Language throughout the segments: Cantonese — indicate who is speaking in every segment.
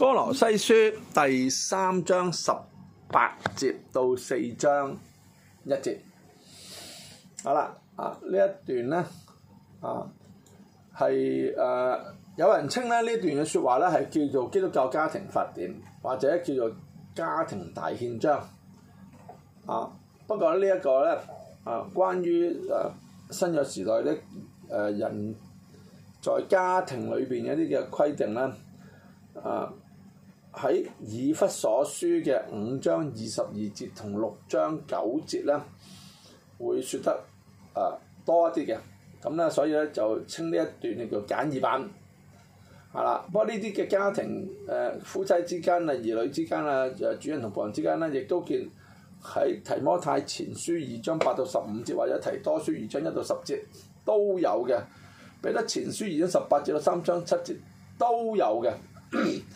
Speaker 1: 歌羅西書第三章十八節到四章一節，好啦，啊呢一段咧，啊係誒、啊、有人稱咧呢段嘅説話咧係叫做基督教家庭法典，或者叫做家庭大憲章，啊不過呢一個咧啊關於誒、啊、新約時代嘅誒、啊、人，在家庭裏邊嘅一啲嘅規定咧，啊。喺以弗所書嘅五章二十二節同六章九節咧，會説得啊、呃、多一啲嘅，咁咧所以咧就稱呢一段叫做簡易版，係啦。不過呢啲嘅家庭誒、呃、夫妻之間啊、兒女之間啊、誒、呃、主人同僕人之間咧，亦都見喺提摩太前書二章八到十五節或者提多書二章一到十節都有嘅，彼得前書二章十八節到三章七節都有嘅。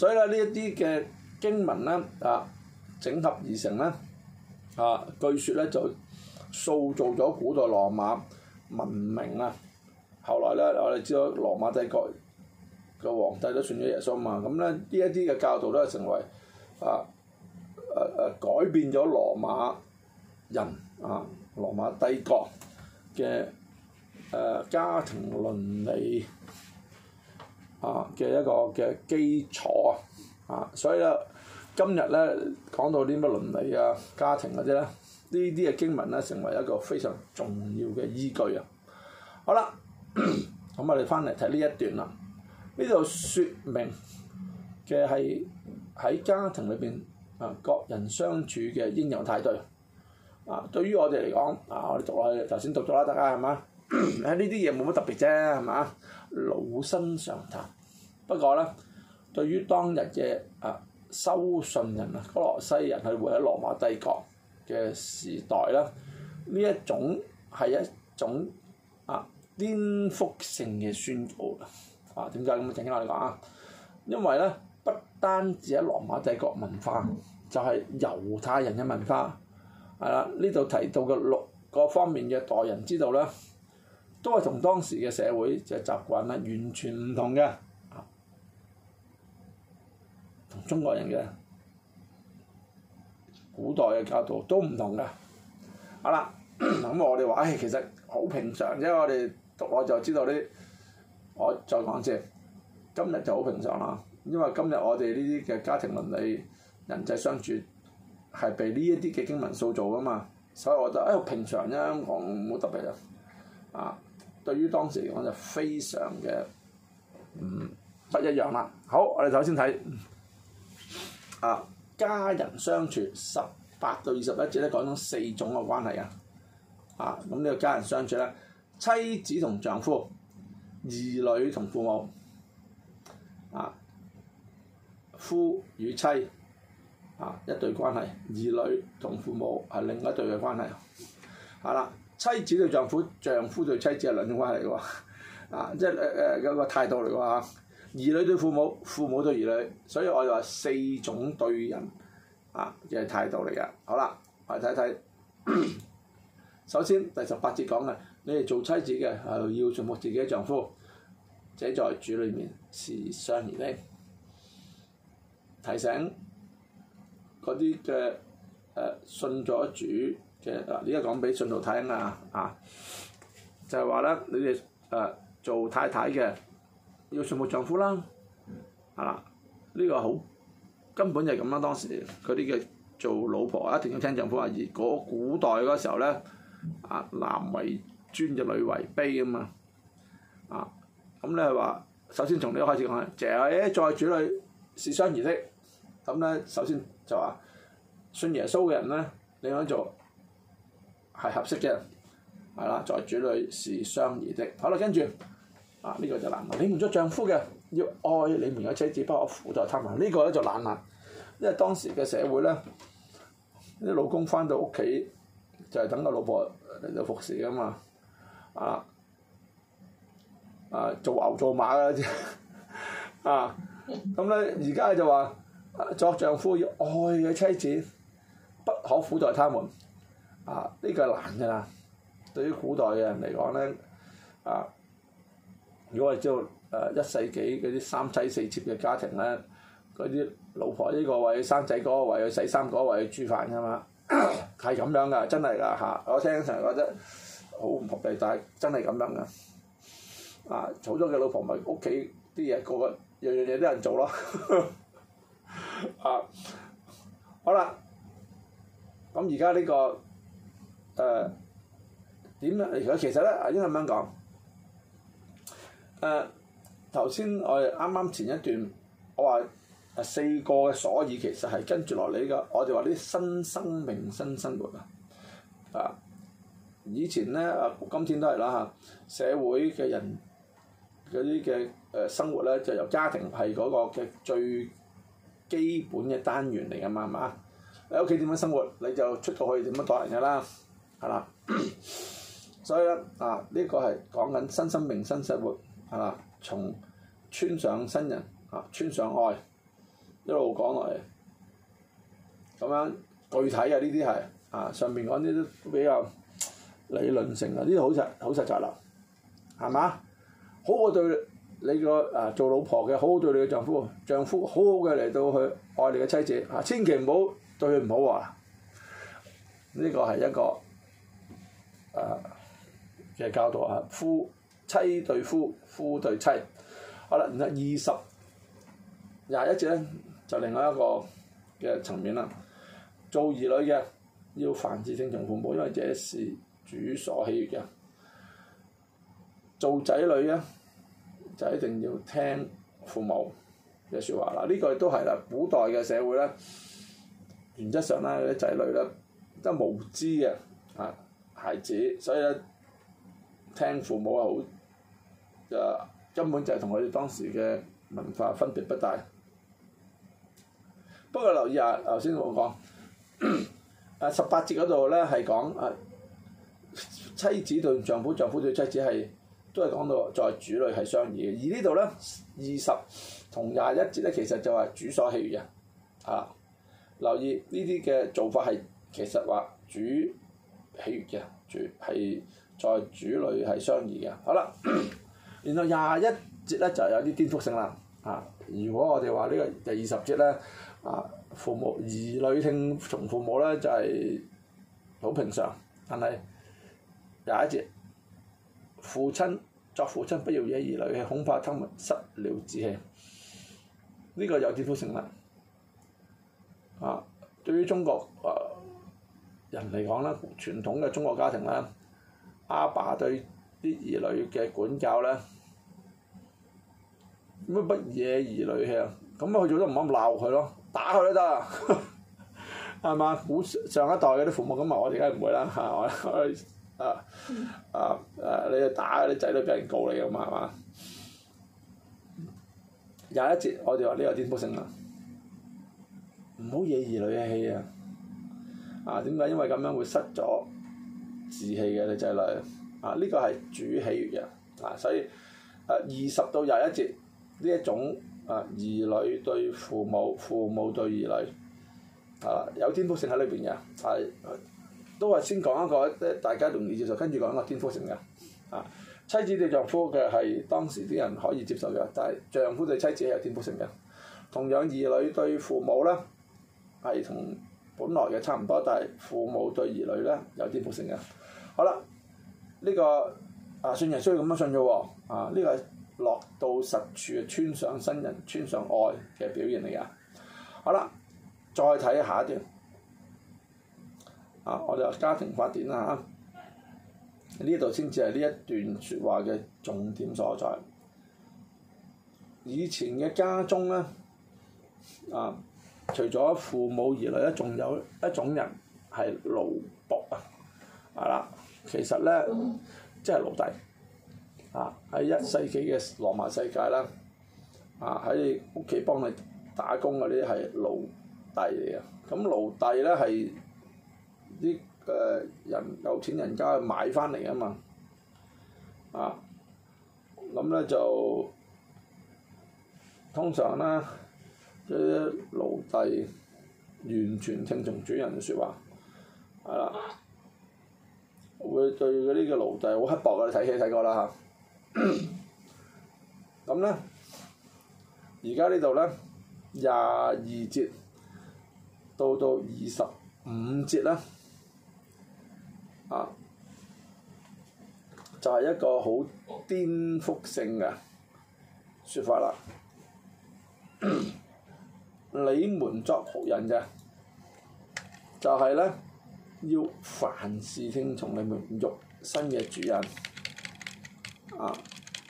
Speaker 1: 所以咧，呢一啲嘅經文咧，啊整合而成咧，啊據說咧，就塑造咗古代羅馬文明啊。後來咧，我哋知道羅馬帝國嘅皇帝都算咗耶穌嘛，咁咧，呢一啲嘅教導都係成為啊、誒誒，改變咗羅馬人啊、羅馬帝國嘅誒家庭倫理。啊嘅一個嘅基礎啊，啊所以咧今日咧講到啲乜倫理啊、家庭嗰啲咧，呢啲嘅經文咧成為一個非常重要嘅依據啊。好啦，咁、 嗯、我哋翻嚟睇呢一段啦、啊。呢度説明嘅係喺家庭裏邊啊，各人相處嘅應有態度。啊，對於我哋嚟講啊，我哋讀落去頭先讀咗啦，大家係嘛？誒呢啲嘢冇乜特別啫，係嘛？老生常談，不過咧，對於當日嘅啊，收信人啊，歌羅西人去活喺羅馬帝國嘅時代啦，呢、啊、一種係一種啊顛覆性嘅宣告啦。點解咁嘅整？我哋講啊，因為咧，不單止喺羅馬帝國文化，就係、是、猶太人嘅文化，係、啊、啦。呢度提到嘅六個方面嘅待人之道啦。都係同當時嘅社會嘅習慣咧，完全唔同嘅，同中國人嘅古代嘅教導都唔同嘅，好啦，咁我哋話，唉，其實好平常啫，我哋讀我就知道啲，我再講一次，今日就好平常啦，因為今日我哋呢啲嘅家庭倫理、人際相處，係被呢一啲嘅經文塑造噶嘛，所以我覺得，唉、哎，平常啫、啊，冇特別啊，啊。對於當時嚟講就非常嘅唔、嗯、不一樣啦。好，我哋首先睇啊，家人相處十八到二十一節咧講咗四種嘅關係啊。啊，咁、這、呢個家人相處咧，妻子同丈夫、兒女同父母啊、夫與妻啊一對關係，兒女同父母係另一對嘅關係，係、啊、啦。妻子對丈夫、丈夫對妻子係兩種關係喎，啊，即係誒誒有個態度嚟喎嚇。兒女對父母、父母對兒女，所以我哋話四種對人，啊，嘅、啊、態度嚟噶。好啦，我哋睇睇，首先第十八節講嘅，你哋做妻子嘅係要順服自己嘅丈夫，這在主裏面是相宜的。提醒嗰啲嘅誒信咗主。即係嗱，依家講俾信徒聽，聽啊，啊，啊，就係話咧，你哋誒做太太嘅要順服丈夫啦，係啦，呢個好根本就係咁啦。當時佢啲嘅做老婆一定要聽丈夫話，而古代嗰時候咧，啊男為尊就女為卑嘛。啊，咁咧話首先從呢一開始講，謝耶再主女是相宜的，咁、嗯、咧、啊、首先就話信耶穌嘅人咧，你想做？係合適嘅，係啦，在主裏是相宜的。好啦，跟住啊，呢、這個就難啦。你做丈夫嘅要愛你們嘅妻子，不可苦待他們。呢個咧就難啦，因為當時嘅社會咧，啲老公翻到屋企就係等個老婆嚟到服侍㗎嘛，啊啊做牛做馬嘅，啊咁咧而家就話作丈夫要愛嘅妻子，不可苦待他們。啊！呢個係難㗎啦。對於古代嘅人嚟講咧，啊，如果係知道誒、啊、一世紀嗰啲三妻四妾嘅家庭咧，嗰啲老婆呢個位生仔，嗰個位洗衫，嗰個位煮飯㗎嘛，係咁 樣㗎，真係㗎嚇！我聽成日覺得好唔合理，但係真係咁樣㗎。啊，娶咗嘅老婆咪屋企啲嘢個個樣樣嘢都人做咯。 啊，好啦，咁而家呢個。誒點樣？其實咧，應該咁樣講誒，頭、呃、先我哋啱啱前一段，我話誒四個嘅，所以其實係跟住落嚟㗎，我哋話啲新生命、新生活啊！啊、呃，以前咧啊，今天都係啦嚇，社會嘅人嗰啲嘅誒生活咧，就由家庭係嗰個嘅最基本嘅單元嚟㗎嘛，係嘛？你屋企點樣生活，你就出到去點樣待人㗎啦。係啦， 所以咧啊，呢、這個係講緊新生命、新生活係啦，從穿上新人啊，穿上愛一路講落嚟，咁樣具體啊，呢啲係啊，上面講啲都比較理論性啊，呢啲好實好實習啦，係嘛？好好對你個啊做老婆嘅，好好對你嘅丈夫，丈夫好好嘅嚟到去愛你嘅妻子啊，千祈唔好對佢唔好啊！呢、這個係一個。誒嘅、啊、教導啊，夫妻對夫，夫對妻，好啦，然後二十廿一節咧，就另外一個嘅層面啦。做兒女嘅要凡事聽從父母，因為這是主所喜悅嘅。做仔女咧就一定要聽父母嘅說話啦。呢、這個亦都係啦，古代嘅社會咧，原則上啦，嗰啲仔女咧都係無知嘅，啊～孩子，所以咧聽父母啊好，就根本就係同佢哋當時嘅文化分別不大。不過留意下 啊，頭先我講啊十八節嗰度咧係講啊妻子對丈夫，丈夫對妻子係都係講到在主裏係相宜嘅。而呢度咧二十同廿一節咧，其實就係主所喜悅人。啊，留意呢啲嘅做法係其實話主。喜悅嘅，主係在主裏係相宜嘅。好啦，然後廿一節咧就有啲顛覆性啦。啊，如果我哋話呢個第二十節咧，啊父母兒女聽從父母咧就係、是、好平常，但係廿一節父親作父親不要惹兒女氣，恐怕他們失了志氣。呢、這個有啲顛覆性啦。啊，對於中國啊。人嚟講咧，傳統嘅中國家庭咧，阿爸，爸對啲兒女嘅管教咧，乜乜嘢兒女氣啊？咁啊，佢做都唔肯鬧佢咯，打佢都得，係 嘛？古上一代嗰啲父母咁啊，我哋梗係唔會啦嚇，我我啊啊啊！你打啲仔女俾人告你㗎嘛，係嘛？廿一節我哋話呢個顛覆性啊？唔好惹兒女氣啊！啊，點解？因為咁樣會失咗志氣嘅，你仔女啊，呢個係主喜悅嘅，啊，所以啊，二十到廿一節呢一種啊，兒女對父母，父母對兒女，係、啊、有天賦性喺裏邊嘅，係、啊、都係先講一個即大家容易接受，跟住講一個天賦性嘅，啊，妻子對丈夫嘅係當時啲人可以接受嘅，但係丈夫對妻子係有天賦性嘅，同樣兒女對父母啦，係同。本來嘅差唔多，但係父母對兒女咧有啲負性嘅。好啦，呢、這個啊算係需要咁樣信啫喎。啊，呢個係落到實處嘅穿上新人、穿上愛嘅表現嚟噶。好啦，再睇下一段。啊，我哋家庭發展啦嚇，呢度先至係呢一段説話嘅重點所在。以前嘅家中咧，啊。除咗父母而來咧，仲有一種人係奴僕。啊，係啦，其實咧即係奴隸啊，喺一世紀嘅羅馬世界啦，啊，喺屋企幫你打工嗰啲係奴隸嚟啊，咁奴隸咧係啲誒人、有錢人家買翻嚟啊嘛，啊，咁咧就通常啦。即啲奴隸完全聽從主人嘅説話，係啦，我會對呢啲奴隸好刻薄嘅，你睇戲睇過啦吓，咁咧，而 家呢度咧廿二節到到二十五節啦，啊，就係一個好顛覆性嘅説法啦。 你們作僕人嘅，就係、是、咧要凡事聽從你們肉身嘅主人。啊，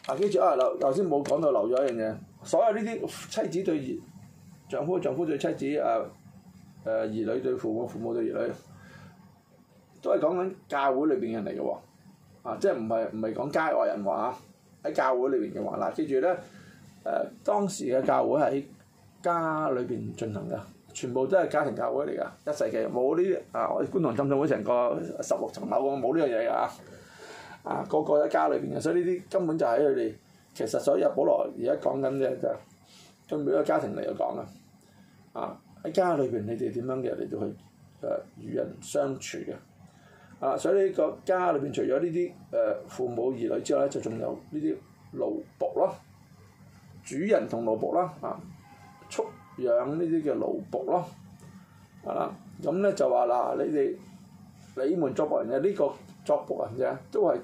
Speaker 1: 啊，記住啊，頭先冇講到留咗一樣嘢，所有呢啲妻子對兒丈夫，丈夫對妻子，誒、啊、誒、呃、兒女對父母，父母對兒女，都係講緊教會裏邊人嚟嘅喎。啊，即係唔係唔係講街外人話喺教會裏邊嘅話，嗱、啊，記住咧誒當時嘅教會係，家裏邊進行噶，全部都係家庭教會嚟噶，一世紀冇呢啲啊，我哋觀塘浸浸會成個十六層樓，我冇呢樣嘢噶啊，啊個個喺家裏邊嘅，所以呢啲根本就喺佢哋，其實所有、啊、保羅而家講緊嘅就對每一個家庭嚟講啊，啊喺家裏邊你哋點樣嘅嚟到去誒、啊、與人相處嘅，啊所以呢個家裏邊除咗呢啲誒父母兒女之外咧，就仲有呢啲奴僕咯，主人同奴僕啦啊。啊畜養呢啲叫奴僕咯，係、嗯、啦，咁咧就話嗱，你哋你們作僕人嘅呢個作僕人嘅都係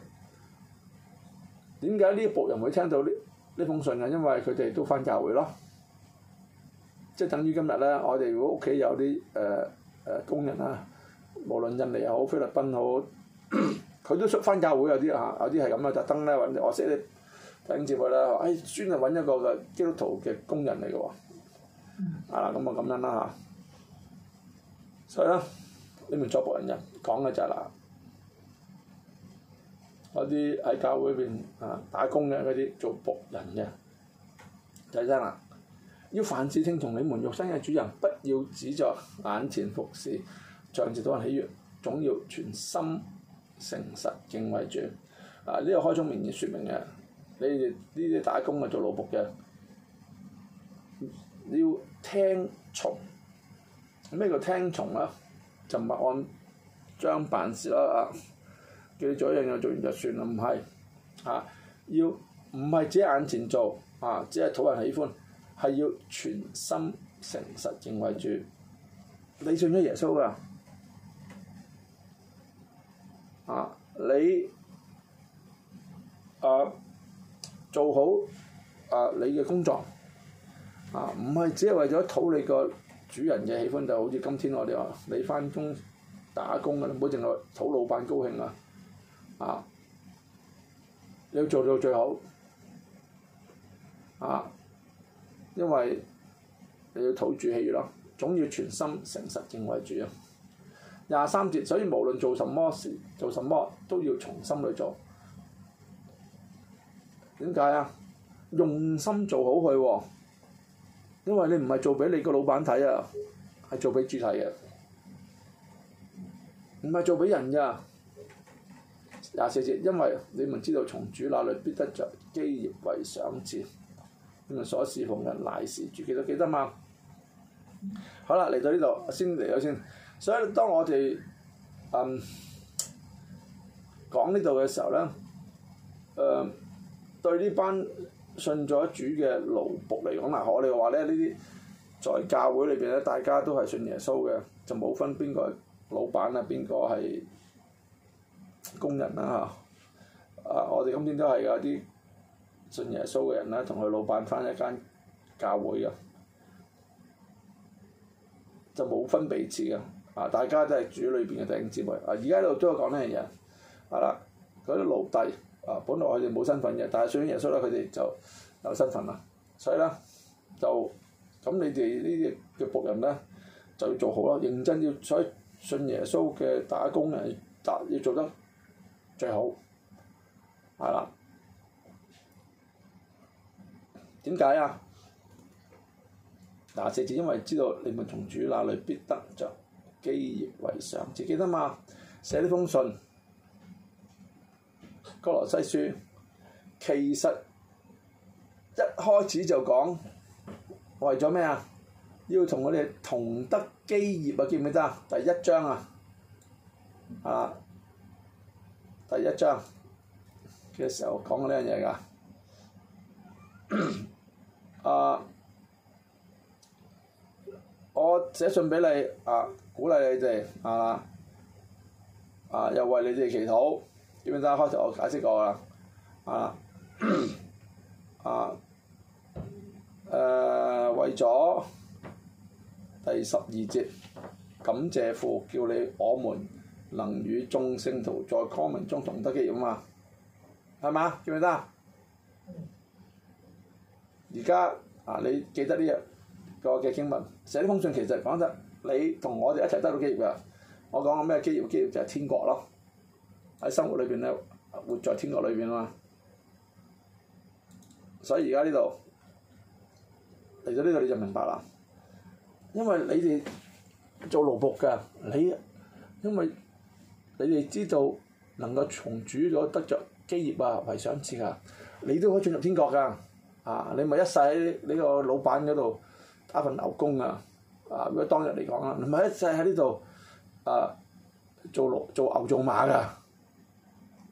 Speaker 1: 點解呢一僕人會聽到呢呢封信啊？因為佢哋都翻教會咯，即係等於今日咧，我哋如果屋企有啲誒誒工人啊，無論印尼又好菲律賓好，佢 都出翻教會有啲行有啲係咁啊，特登咧揾我識你緊接佢啦，誒專係揾一個嘅基督徒嘅工人嚟嘅喎。啊啦，咁、嗯嗯嗯、就咁樣啦嚇。所以咧，你們作僕人講就講嘅就係嗱，嗰啲喺教會邊啊打工嘅嗰啲做僕人嘅，睇真啦。要凡事聽從你們肉身嘅主人，不要只在眼前服事，仗著當喜悅，總要全心誠實敬畏主。啊，呢個開宗明義説明嘅，你哋呢啲打工嘅做奴僕嘅。要聽從，咩叫聽從啊？就唔係按章辦事啦！啊，叫你做一樣嘢，做完就算啦，唔係啊，要唔係只係眼前做啊，只係討人喜歡，係要全心誠實認為主，你信咗耶穌噶，啊，你啊做好啊你嘅工作。啊，唔係只係為咗討你個主人嘅喜歡，就是、好似今天我哋話，你返工打工你唔好淨係討老闆高興啊！啊，你要做到最好啊，因為你要討主氣咯，總要全心誠實敬畏主啊！廿三節，所以無論做什麼事、做什麼都要從心去做。點解啊？用心做好佢喎。因為你唔係做俾你個老闆睇啊，係做俾主睇嘅，唔係做俾人㗎。廿四節，因為你們知道從主那裡必得著基業為賞賜，你們所侍奉人乃是主，記得記得嘛。好啦，嚟到呢度先嚟咗先，所以當我哋嗯講呢度嘅時候咧，誒、嗯、對呢班。信咗主嘅奴僕嚟講，嗱我哋話咧呢啲在教會裏邊咧，大家都係信耶穌嘅，就冇分邊個係老闆啦、啊，邊個係工人啦、啊、嚇。啊，我哋今天都係嗰啲信耶穌嘅人啦、啊，同佢老闆翻一間教會嘅，就冇分彼此嘅。啊，大家都係主裏邊嘅弟兄姊妹。啊，而家喺度都有講呢樣嘢，係、啊、啦，啲奴隸。啊，本來我哋冇身份嘅，但係信耶穌咧，佢哋就有身份啦。所以咧，就咁你哋呢啲嘅僕人咧，就要做好啦，認真要所以信耶穌嘅打工人，要做得最好，係啦。點解啊？嗱，四字，因為知道你們從主那裏必得着，就基業為上，自己記得嘛？寫呢封信。哥羅西書，其實一開始就講為咗咩啊？要同我哋同得基業啊！記唔記得啊？第一章啊，啊，第一章嘅時候講過呢樣嘢噶，啊，我寫信俾你啊，鼓勵你哋啊，啊，又為你哋祈禱。知唔知啊？開頭我解釋過啦，啊，啊，誒，為咗第十二節感謝父叫你我們能與眾聖徒在光明中同得基業嘛？係嘛？知唔知啊？而家啊，你記得呢日嘅經文寫呢封信其實講緊你同我哋一齊得到基業㗎。我講咩基業？基業就係天國咯。喺生活裏邊咧，活在天國裏邊啊嘛！所以而家呢度嚟到呢度你就明白啦。因為你哋做奴僕嘅，你因為你哋知道能夠從主咗得着基業啊，遺產之嘅，你都可以進入天國嘅。啊，你咪一世喺呢個老闆嗰度打份牛工啊！啊，如果當日嚟講啦，唔係一世喺呢度啊，做奴做牛做馬㗎。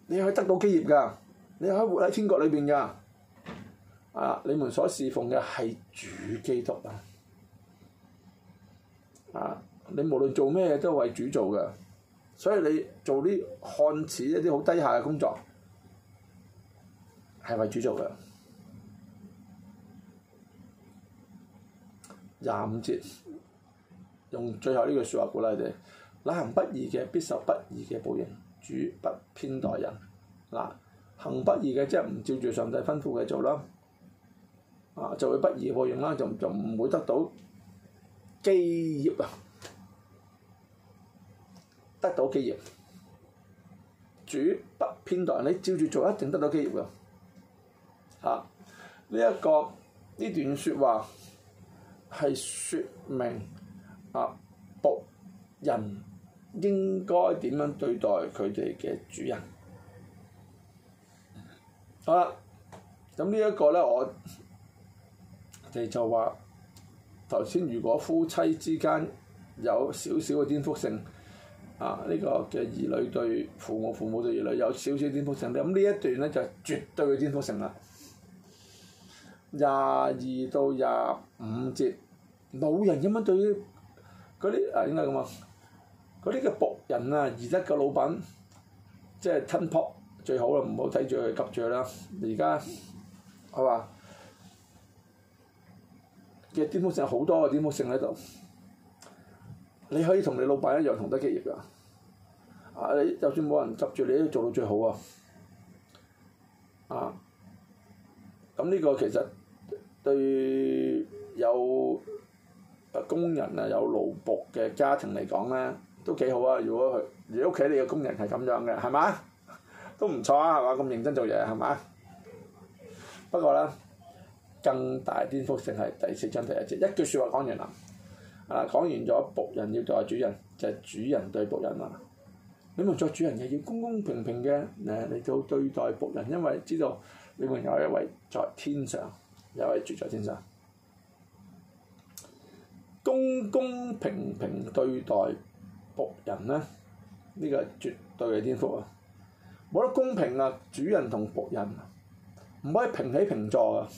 Speaker 1: 你可以得到基業噶，你可以活喺天國裏邊噶。啊，你們所侍奉嘅係主基督啊！啊，你無論做咩都係為主做嘅，所以你做啲看似一啲好低下嘅工作，係為主做嘅。廿五節，用最後呢句説話鼓勵你哋：履行不義嘅，必受不義嘅報應。主不偏待人，嗱，行不義嘅即係唔照住上帝吩咐嘅做啦，啊就會不義喎，用啦，就就唔會得到基業啊，得到基業。主不偏待人，你照住做一定得到基業㗎。嚇、啊，呢一個呢段説話係説明啊僕人。應該點樣對待佢哋嘅主人？好啦，咁呢一個咧，我哋就話頭先，如果夫妻之間有少少嘅顛覆性，啊呢、呢個嘅兒女對父母、父母對兒女有少少顛覆性咧，咁呢一段咧就是、絕對嘅顛覆性啦。廿二到廿五節，老人點樣對嗰啲啊？應該咁啊。佢呢個僕人啊，而家個老闆即係吞破最好啦，唔好睇住佢急住啦。而家係嘛？其實顛覆性好多嘅顛覆性喺度，你可以同你老闆一樣同得基業㗎。啊！你就算冇人急住你，都做到最好啊！啊！咁呢個其實對有工人啊有勞僕嘅家庭嚟講咧，都幾好啊！如果佢如果屋企你嘅工人係咁樣嘅，係嘛都唔錯啊，係嘛咁認真做嘢係嘛。不過咧，更大顛覆性係第四章第一節一句説話講完啦。啊，講完咗僕人要作主人，就係、是、主人對僕人啦。你們作主人嘅要公公平平嘅誒嚟到對待僕人，因為知道你們有一位在天上，有一位住在天上，公公平平對待。僕人咧，呢個係絕對嘅天福啊！冇得公平啊，主人同僕人唔可以平起平坐啊！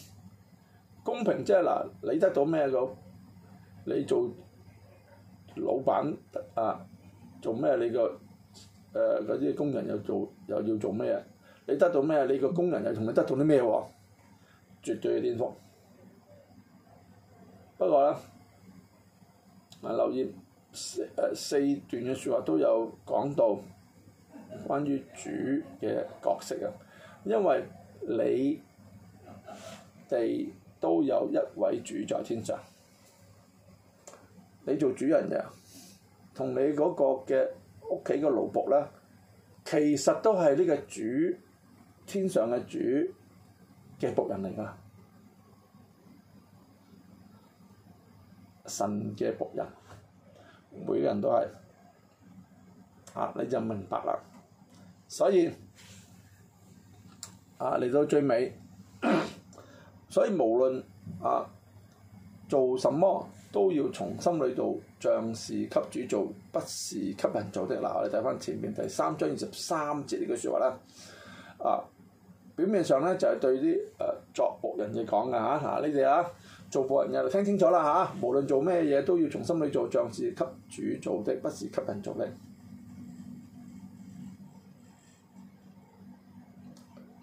Speaker 1: 公平即係嗱，你得到咩個？你做老闆啊，做咩？你個誒嗰啲工人又做又要做咩？你得到咩？你個工人又同你得到啲咩喎？絕對嘅天福。不過咧，阿老爺。四段嘅説話都有講到關於主嘅角色啊，因為你哋都有一位主在天上，你做主人嘅，同你嗰個嘅屋企嘅奴僕咧，其實都係呢個主天上嘅主嘅僕人嚟㗎，神嘅僕人。每個人都係，啊你就明白啦，所以，啊嚟到最尾， 所以無論啊做什麼都要從心裏度，像是給主做，不是給人做的。嗱、啊，我哋睇翻前面第三章二十三節呢句説話啦，啊表面上咧就係、是、對啲誒、呃、作僕人嘅講嘅嚇，嚇呢啲啊。做僕人嘅，聽清楚啦嚇！無論做咩嘢都要從心裏做，像是給主做的，不是給人做的。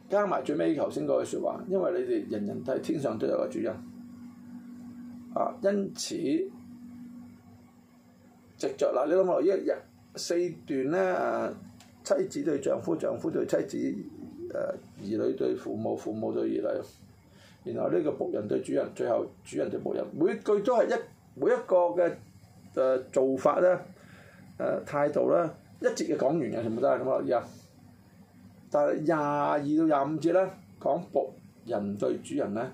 Speaker 1: 加埋最尾頭先嗰句説話，因為你哋人人都係天上都有個主人，啊，因此直着嗱，你諗落一日四段呢、呃，妻子對丈夫，丈夫對妻子，誒、呃，兒女對父母，父母對兒女。然後呢個僕人對主人，最後主人對僕人，每句都係一每一個嘅誒、呃、做法咧、誒、呃、態度咧，一節嘅講完嘅，全部都係咁落去。但係廿二到廿五節咧，講僕人對主人咧，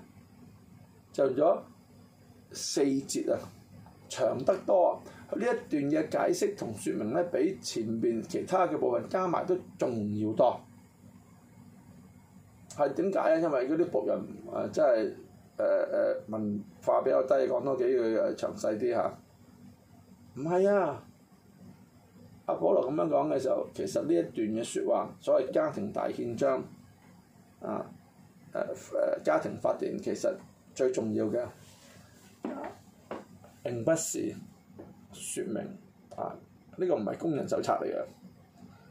Speaker 1: 就用咗四節啊，長得多。呢一段嘅解釋同説明咧，比前邊其他嘅部分加埋都重要多。係點解啊？因為嗰啲僕人誒、呃，真係誒誒文化比較低，講多幾句誒詳細啲嚇。唔、啊、係啊，阿保羅咁樣講嘅時候，其實呢一段嘅説話，所謂家庭大憲章，啊誒誒、啊、家庭法典，其實最重要嘅，並不是説明啊呢、這個唔係工人手冊嚟嘅，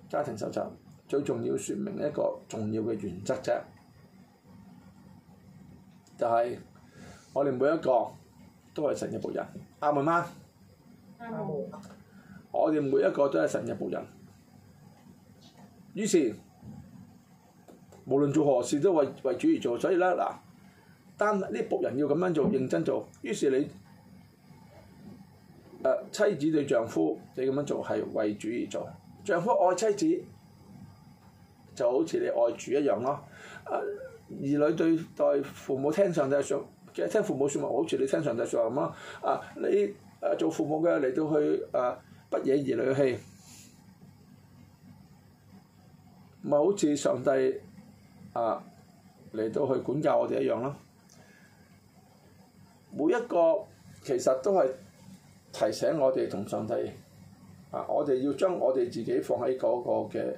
Speaker 1: 家庭手冊最重要説明一個重要嘅原則啫。就係、是、我哋每一個都係神嘅僕人，啱唔啱？嗯、我哋每一個都係神嘅僕人。於是無論做何事都為為主而做，所以咧嗱，單呢啲僕人要咁樣做，認真做。於是你誒、呃、妻子對丈夫你咁樣做係為主而做，丈夫愛妻子就好似你愛主一樣咯，啊、呃！兒女對待父母聽上帝説，其實聽父母説話好似你聽上帝説話咁咯。啊，你誒做父母嘅嚟到去誒、啊、不惹兒女嘅氣，咪好似上帝啊嚟到去管教我哋一樣咯、啊。每一個其實都係提醒我哋同上帝啊，我哋要將我哋自己放喺嗰個嘅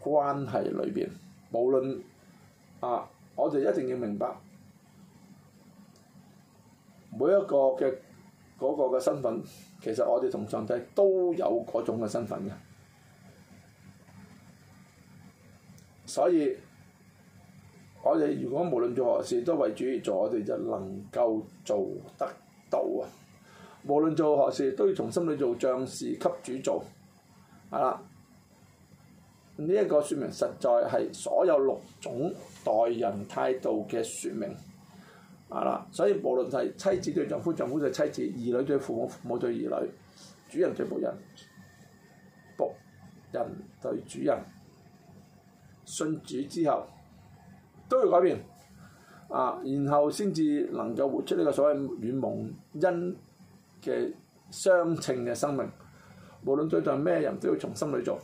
Speaker 1: 關係裏邊，無論。啊！我哋一定要明白每一個嘅嗰個嘅身份，其實我哋同上帝都有嗰種嘅身份嘅，所以我哋如果無論做何事都為主而做，我哋就能夠做得到啊！無論做何事都要從心裏做將，將士給主做，係啦。呢一個説明實在係所有六種。待人態度嘅説明啊啦，所以無論係妻子對丈夫、丈夫對妻子、兒女對父母、父母對兒女、主人對僕人、僕人對主人，信主之後都要改變啊，然後先至能夠活出呢個所謂與蒙恩嘅相稱嘅生命。無論對待咩人都要從心裏做，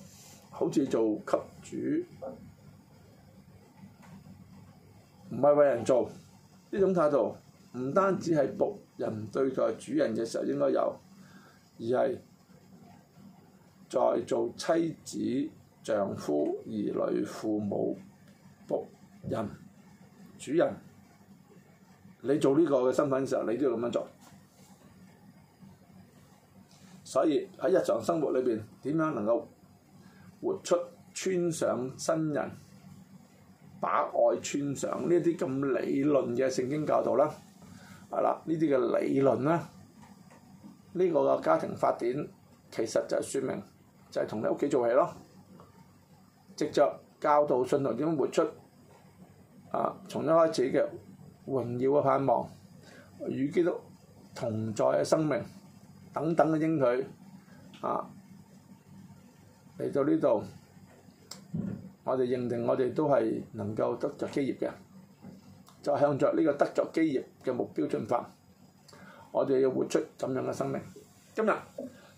Speaker 1: 好似做給主。唔係為人做呢種態度，唔單止係僕人對待主人嘅時候應該有，而係在做妻子、丈夫、兒女、父母、僕人、主人，你做呢個嘅身份嘅時候，你都要咁樣做。所以喺日常生活裏邊，點樣能夠活出穿上新人？把外穿上呢啲咁理論嘅聖經教導啦，係啦，呢啲嘅理論啦，呢個嘅家庭法典其實就係説明，就係，是，同你屋企做起咯，藉着教導信徒點樣活出啊，從一開始嘅榮耀嘅盼望，與基督同在嘅生命，等等嘅應許，啊，嚟到呢度。我哋認定我哋都係能夠得着基業嘅，就向著呢個得着基業嘅目標進發。我哋要活出噉樣嘅生命。今日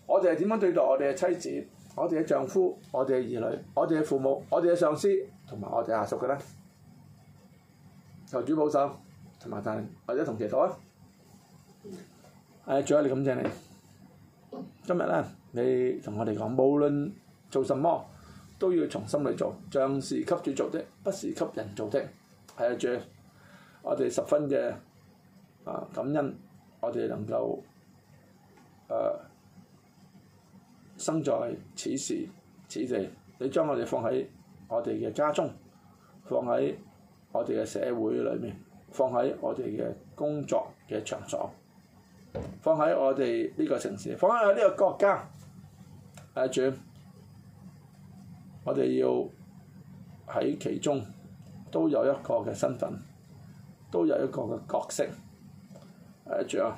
Speaker 1: 我哋係點樣對待我哋嘅妻子、我哋嘅丈夫、我哋嘅兒女、我哋嘅父母、我哋嘅上司同埋我哋下屬嘅咧？求主保守同埋帶或者同邪黨。哎，主啊，你感謝你。今日咧，你同我哋講，無論做什麼。都要從心裏做，像是給主做的，不是給人做的。係啊，主，我哋十分嘅啊感恩，我哋能夠誒、呃、生在此時此地，你將我哋放喺我哋嘅家中，放喺我哋嘅社會裏面，放喺我哋嘅工作嘅場所，放喺我哋呢個城市，放喺呢個國家。係啊，主。我哋要喺其中都有一個嘅身份，都有一個嘅角色。誒主啊，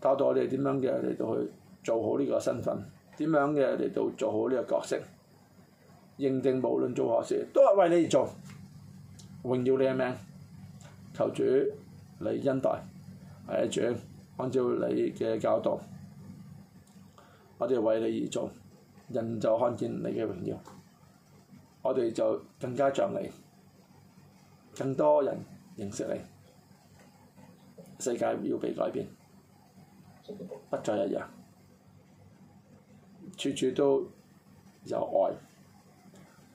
Speaker 1: 教導我哋點樣嘅嚟到去做好呢個身份，點樣嘅嚟到做好呢個角色。認定無論做何事，都係為你而做，榮耀你嘅名。求主你恩待，誒主按照你嘅教導，我哋為你而做。人就看見你嘅榮耀，我哋就更加像你，更多人認識你，世界要被改變，不再一樣，處處都有愛，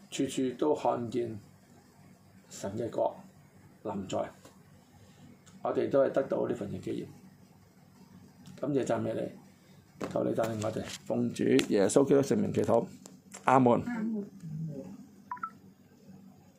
Speaker 1: 處處都看見神嘅國臨在，我哋都係得到呢份嘅記念，感謝贊美你。求你答應我哋，奉主耶穌基督聖名祈禱，阿門。阿門、阿門。